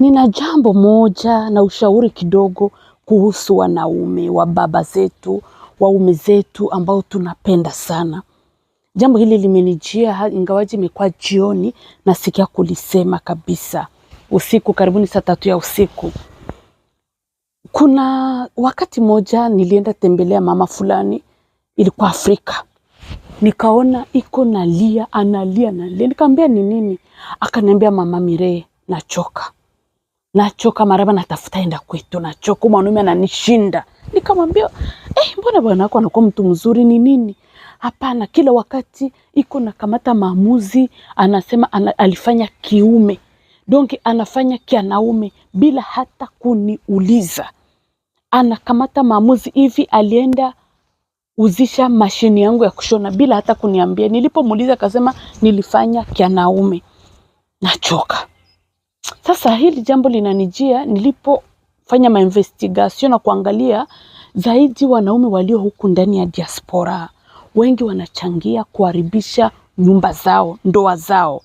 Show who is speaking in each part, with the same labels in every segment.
Speaker 1: Nina jambo moja na ushauri kidogo kuhusu wanaume wa baba zetu, waume zetu ambao tunapenda sana. Jambo hili limenijia ingawaji imekuwa jioni na sikia kulisema kabisa. Usiku karibuni saa tatu ya usiku. Kuna wakati moja nilienda tembelea mama fulani ilikuwa Afrika. Nikaona iko nalia analia analia, nikamwambia ni nini? Akaniambia mama Miree, nachoka nachoka maraba, natafuta enda kwetu, nachoka mwanaume ananishinda. Nikamwambia eh, mbona bwana wako anakuwa mtu mzuri, ni nini? Hapana, kila wakati iko nakamata maamuzi, anasema ana, alifanya kiume donki, anafanya kianaume bila hata kuniuliza, anakamata maamuzi hivi. Alienda uzisha mashini yangu ya kushona bila hata kuniambia. Nilipomuuliza akasema nilifanya kianaume. Nachoka. Sasa hili jambo linanijia nilipofanya investigation na kuangalia zaidi wanaume walio huku ndani ya diaspora wengi wanachangia kuharibisha nyumba zao, ndoa zao.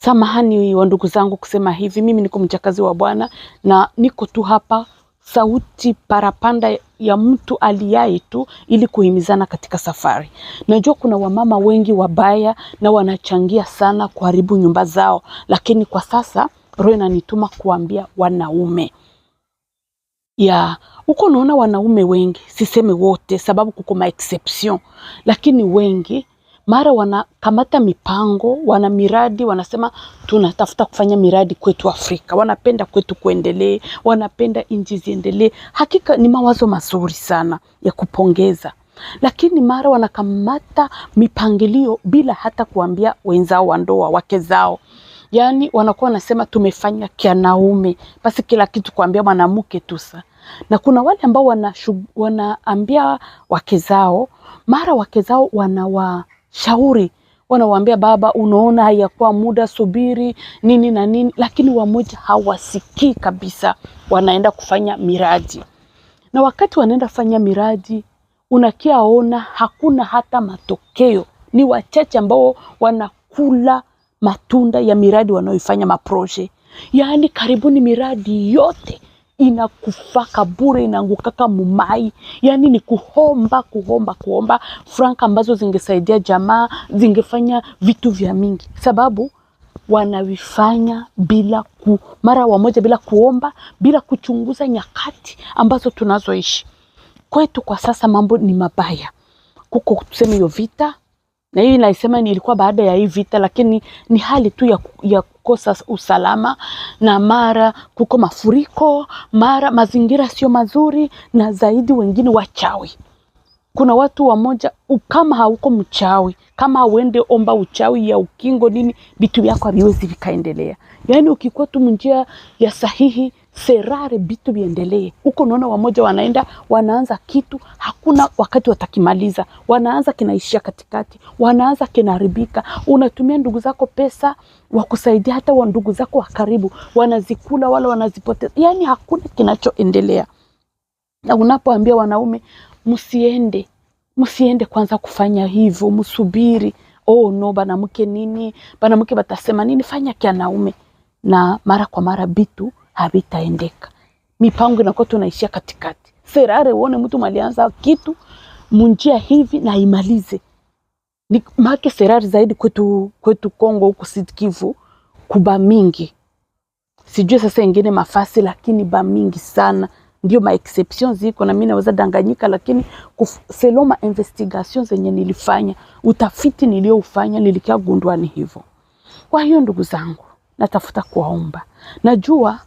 Speaker 1: Samahani wa ndugu zangu kusema hivi, mimi niko mchakazi wa Bwana na niko tu hapa sauti parapanda ya mtu aliaye tu ili kuhimizana katika safari. Najua kuna wamama wengi wabaya na wanachangia sana kuharibu nyumba zao, lakini kwa sasa roho inanituma kuambia wanaume ya huko unaona, wanaume wengi, siseme wote, sababu kuko ma exception, lakini wengi mara wanakamata mipango, wana miradi, wanasema tunatafuta kufanya miradi kwetu Afrika, wanapenda kwetu kuendelee, wanapenda nchi ziendelee. Hakika ni mawazo mazuri sana ya kupongeza, lakini mara wanakamata mipangilio bila hata kuambia wenzao wa ndoa, wake zao Yaani wanakuwa wanasema tumefanya kianaume, basi kila kitu kuambia mwanamke tu sa. Na kuna wale ambao wanaambia wake zao, mara wake zao wanawa shauri wanawaambia baba, unaona hayakuwa muda, subiri nini na nini, lakini wamoja hawasikii kabisa, wanaenda kufanya miradi. Na wakati wanaenda fanya miradi, unakiaona hakuna hata matokeo, ni wachache ambao wanakula matunda ya miradi wanaoifanya maproje, yaani karibuni miradi yote inakufaka bure, inaangukaka mumai. Yani ni kuhomba kuhomba kuomba franka ambazo zingesaidia jamaa, zingefanya vitu vya mingi, sababu wanavifanya bila ku mara wamoja, bila kuomba, bila kuchunguza nyakati ambazo tunazoishi kwetu. Kwa sasa mambo ni mabaya, kuko tuseme hiyo vita na hii naisema ilikuwa baada ya hii vita, lakini ni hali tu ya, ya kukosa usalama na mara kuko mafuriko, mara mazingira sio mazuri, na zaidi wengine wachawi. Kuna watu wamoja, kama hauko mchawi, kama hauende omba uchawi ya ukingo nini, vitu vyako haviwezi vikaendelea. Yaani ukikuwa tu njia ya sahihi serare bitu viendelee huko. Unaona, wamoja wanaenda wanaanza kitu, hakuna wakati watakimaliza, wanaanza kinaishia katikati, wanaanza kinaharibika. Unatumia ndugu zako pesa wakusaidia, hata wa ndugu zako wa karibu wanazikula wala wanazipoteza, yaani hakuna kinachoendelea. Na unapoambia wanaume msiende, msiende kwanza kufanya hivyo, msubiri. Oh no, banamke nini? Banamke batasema nini? Fanya kianaume na mara kwa mara bitu havitaendeka, mipango inakuwa tunaishia katikati. Ferare uone mtu malianza kitu munjia hivi na imalize ni make Ferari zaidi kwetu, kwetu Kongo huko Sud-Kivu kuba mingi, sijui sasa ingine mafasi, lakini ba mingi sana, ndio ma exception ziko, na mimi naweza danganyika, lakini seloma investigation zenye nilifanya, utafiti nilioufanya, nilikia ni hivyo. Kwa hiyo ndugu zangu natafuta kuwaomba. Najua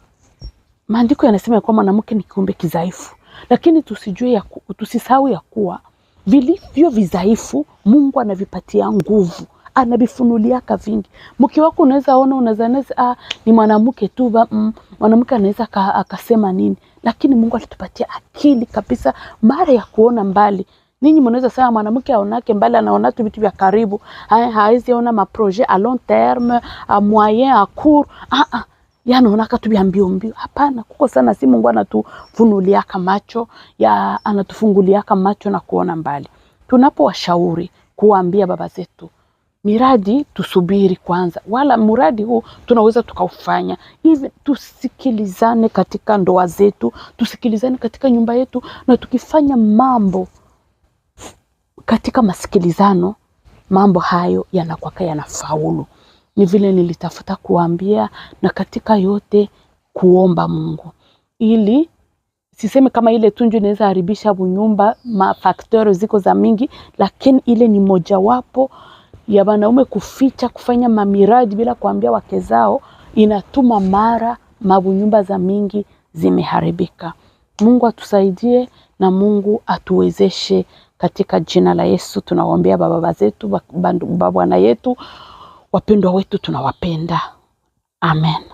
Speaker 1: maandiko yanasema ya kuwa mwanamke ni kiumbe kidhaifu, lakini tusijue ya ku, tusisahau ya kuwa vilivyo vidhaifu Mungu anavipatia nguvu, anavifunuliaka vingi. Mke wako unaweza ona, unaweza ah, ni mwanamke tu mm, mwanamke anaweza akasema nini, lakini Mungu alitupatia akili kabisa mara ya kuona mbali Ninyi mnaweza sema mwanamke aonake mbali, anaona tu vitu vya karibu, hawezi ona maproje a long terme a moyen a court ah, ah. Yani unaka tu vya mbio mbio. Hapana, kuko sana, si Mungu anatufunuliaka macho ya anatufunguliaka macho na kuona mbali. Tunapowashauri kuambia baba zetu miradi tusubiri kwanza, wala mradi huu tunaweza tukaufanya hivi. Tusikilizane katika ndoa zetu, tusikilizane katika nyumba yetu, na tukifanya mambo katika masikilizano mambo hayo yanakwaka yanafaulu. Ni vile nilitafuta kuambia, na katika yote kuomba Mungu ili siseme kama ile tunju inaweza haribisha bunyumba, mafaktori ziko za mingi, lakini ile ni mojawapo ya wanaume kuficha kufanya mamiradi bila kuambia wake zao, inatuma mara mabunyumba za mingi zimeharibika. Mungu atusaidie na Mungu atuwezeshe katika jina la Yesu tunawaombea baba zetu, baba yetu, wapendwa wetu tunawapenda. Amen.